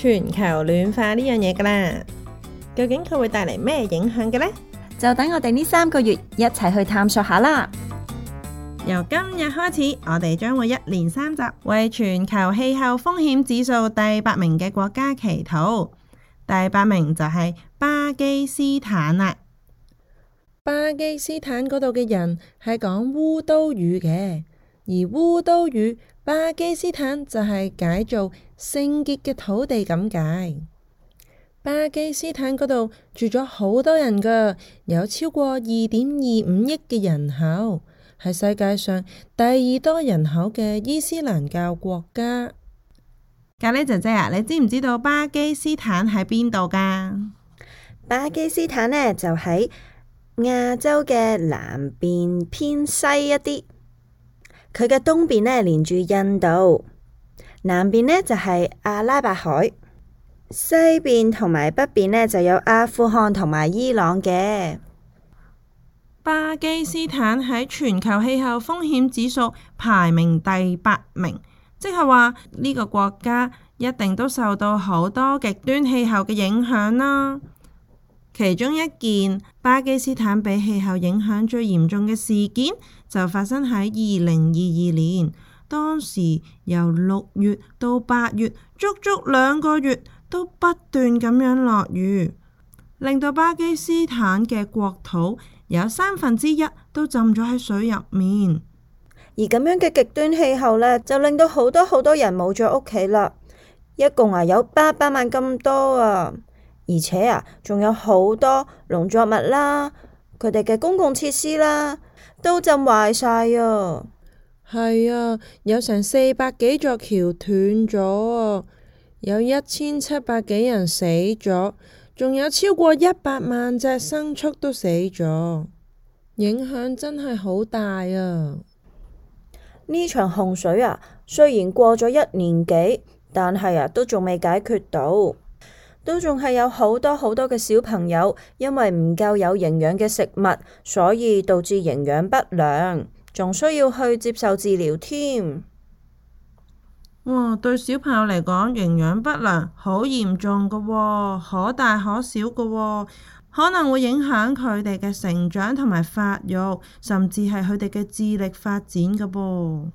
全球暖化呢樣嘢噶啦，究竟佢會帶嚟咩影響嘅呢？就等我哋呢三個月一齊去探索下啦。由今日開始，我哋將會一連三集為全球氣候風險指數第八名嘅國家祈禱。第八名就係巴基斯坦啦。巴基斯坦嗰度嘅人係講烏都語嘅，而烏都語，巴基斯坦就係解做。聖潔嘅土地咁解？巴基斯坦嗰度住咗好多人噶，有超過二點二五億嘅人口，係世界上第二多人口嘅伊斯蘭教國家。咖喱姐姐啊，你知唔知道巴基斯坦喺邊度噶？巴基斯坦呢就喺亞洲嘅南邊偏西一啲，佢嘅東邊呢連住印度。南邊呢就係阿拉伯海，西邊同埋北邊呢就有阿富汗同埋伊朗嘅。巴基斯坦喺全球氣候風險指數排名第八名，即係話呢個國家一定都受到好多極端氣候嘅影響啦。其中一件巴基斯坦被氣候影響最嚴重嘅事件，就發生喺二零二二年。當時由六月到八月，足足兩個月都不斷咁樣落雨，令到巴基斯坦嘅國土有三分之一都浸咗喺水入面。而咁樣嘅極端氣候咧，就令到好多好多人冇咗屋企啦，一共啊有八百萬咁多啊，而且啊，仲有好多農作物啦，佢哋嘅公共設施啦，都浸壞晒啊！係啊，有成四百幾座橋斷咗，啊，有一千七百幾人死咗，仲有超過一百萬隻牲畜都死咗，影響真係好大啊！呢場洪水啊，雖然過咗一年幾，但係啊，都仲未解決到，都仲係有好多好多嘅小朋友因為唔夠有營養嘅食物，所以導致營養不良。仲需要去接受治療添。哇，對小朋友嚟講，營養不良好嚴重㗎喎，可大可小㗎喎，可能會影響佢哋嘅成長同埋發育，甚至係佢哋嘅智力發展㗎噃。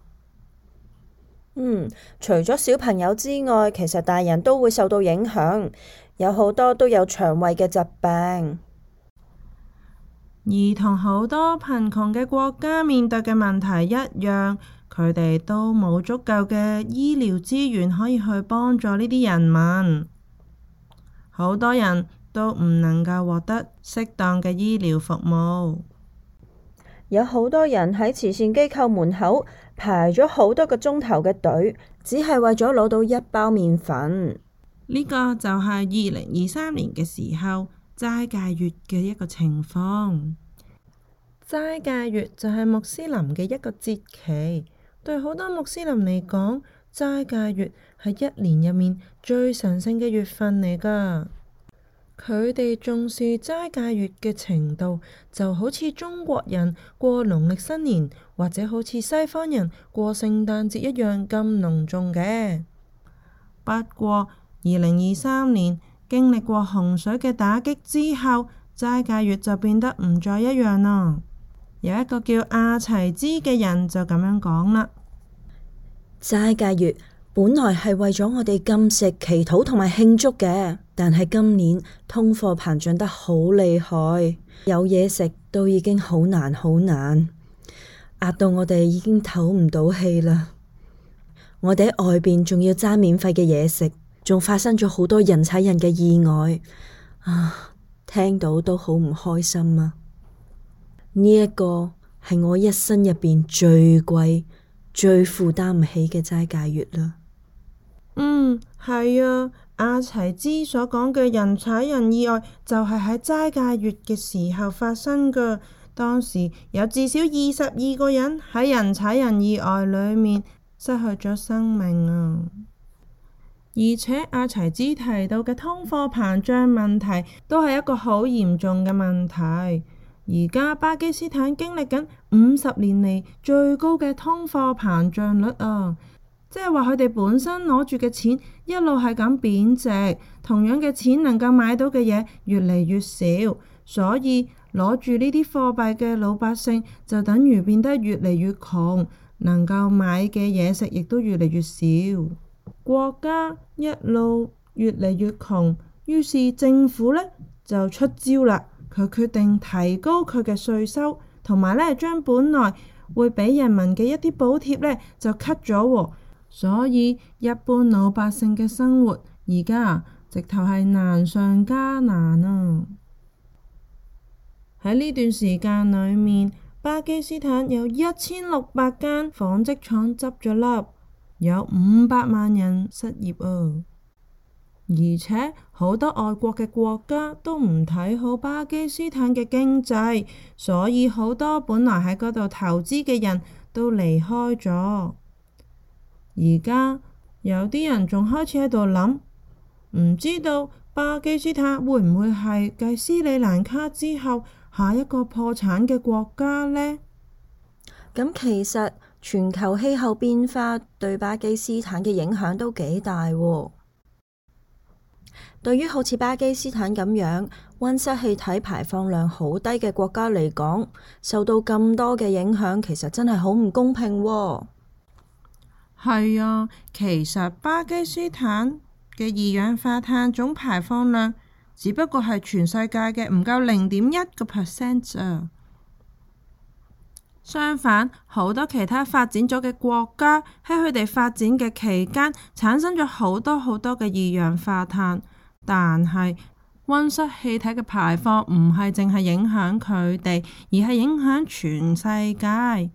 嗯，除咗小朋友之外，其實大人都會受到影響，有好多都有腸胃嘅疾病。而同好多貧窮嘅國家面對嘅問題一樣，佢哋都冇足夠嘅醫療資源可以去幫助呢啲人民，好多人都唔能夠獲得適當嘅醫療服務。有好多人喺慈善機構門口排咗好多個鐘頭嘅隊，只係為咗攞到一包麵粉。呢個就係二零二三年嘅時候。齋戒月嘅一個情況，齋戒月就係穆斯林嘅一個節期，對好多穆斯林嚟講，齋戒月係一年入面最神聖嘅月份嚟㗎。佢哋重視齋戒月嘅程度，就好似中國人過農曆新年，或者好似西方人過聖誕節一樣咁隆重嘅。不過，二零二三年。經歷過洪水嘅打擊之後，齋戒月就變得唔再一樣啦。有一個叫阿齊茲嘅人就咁樣講啦：齋戒月本來係為咗我哋禁食、祈禱同埋慶祝嘅，但係今年通貨膨脹得好厲害，有嘢食都已經好難、好難，壓到我哋已經唞唔到氣啦。我哋喺外邊仲要爭免費嘅嘢食。仲發生咗好多人踩人嘅意外啊！聽到都好唔開心啊！呢、這、一個係我一生入邊最貴、最負擔唔起嘅齋戒月啦。嗯，係啊，阿齊茲所講嘅人踩人意外就係喺齋戒月嘅時候發生噶。當時有至少二十二個人喺人踩人意外裏面失去咗生命啊！而且阿齊茲提到嘅通貨膨脹問題都係一個好嚴重嘅問題。而家巴基斯坦經歷緊五十年嚟最高嘅通貨膨脹率啊，即係話，佢哋本身攞住嘅錢一路係咁貶值，同樣嘅錢能夠買到嘅嘢越嚟越少，所以攞住呢啲貨幣嘅老百姓就等於變得越嚟越窮，能夠買嘅嘢食亦都越嚟越少。國家一路越嚟越窮，於是政府呢就出招啦。佢決定提高佢嘅稅收，同埋呢將本來會畀人民嘅一啲補貼呢就 cut 咗喎。所以一般老百姓嘅生活而家直頭係難上加難啊！喺呢段時間裏面，巴基斯坦有一千六百間紡織廠執咗笠。有五百萬人失業哦，而且好多外國嘅國家都唔睇好巴基斯坦嘅經濟，所以好多本來喺嗰度投資嘅人都離開咗。而家有啲人仲開始喺度諗，唔知道巴基斯坦會唔會係繼斯里蘭卡之後下一個破產嘅國家呢？咁其實。全球氣候變化對巴基斯坦嘅影響都幾大喎。對於好似巴基斯坦咁樣温室氣體排放量好低嘅國家嚟講，受到咁多嘅影響，其實真係好唔公平喎。係啊，其實巴基斯坦嘅二氧化碳總排放量只不過係全世界嘅唔夠零點一個 percent 啊。相反，好多其他發展咗嘅國家喺佢哋發展嘅期間產生咗好多好多嘅二氧化碳，但係溫室氣體嘅排放唔係淨係影響佢哋，而係影響全世界。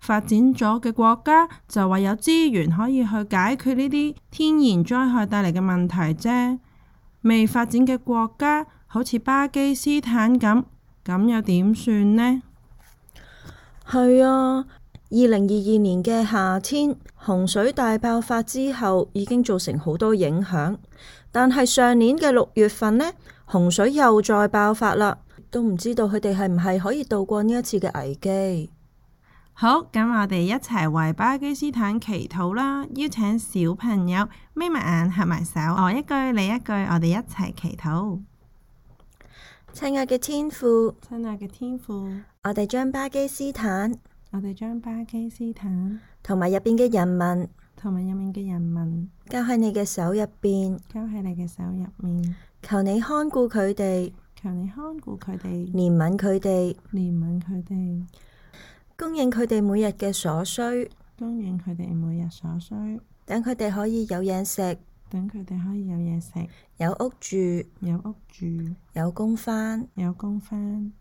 發展咗嘅國家就話有資源可以去解決呢啲天然災害帶嚟嘅問題啫。未發展嘅國家好似巴基斯坦咁，咁又點算呢？係啊，二零二二年嘅夏天洪水大爆發之後，已經造成好多影響。但係上年嘅六月份呢，洪水又再爆發啦，都唔知道佢哋係唔係可以度過呢一次嘅危機。好，咁我哋一齊為巴基斯坦祈禱啦！邀請小朋友眯埋眼、合埋手，我一句你一句，我哋一齊祈禱。親愛嘅天父，親愛的天父，天父，我哋將巴基斯坦，我哋將巴基斯坦同埋入邊嘅人民，同埋入面嘅人民交喺你嘅手入邊，交喺你嘅手入面。你面求你看顧佢哋，求你看顧佢哋，憐憫佢哋，憐憫佢哋，供應佢哋每日嘅所需，供應佢哋每日所需，等佢哋可以有嘢食，等佢哋可以有嘢食，有屋住，有屋住，有工返，有工返，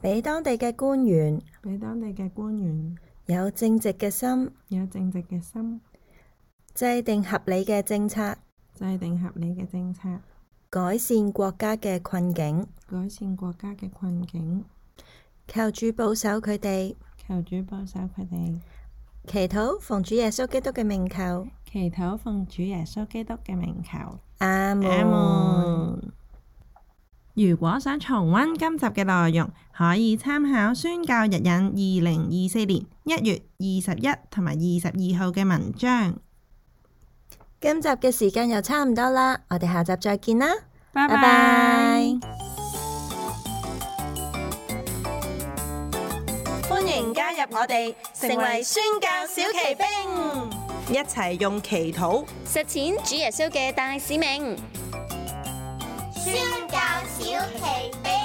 俾當地嘅官員，俾當地嘅官員有正直嘅心，有正直嘅心，制定合理嘅政策，制定合理嘅政策，改善國家嘅困境，改善國家嘅困境，求主保守佢哋，求主保守佢哋。祈禱奉主耶穌基督嘅名求，祈禱奉主耶穌基督嘅名求。阿門。阿門。如果想重温今集嘅內容，可以參考《宣教日引》二零二四年一月二十一同埋二十二號嘅文章。今集嘅時間又差唔多啦，我哋下集再見啦，拜拜。歡迎加入我哋，成為宣教小騎兵，一齊用祈禱實踐主耶穌嘅大使命。宣教小騎兵。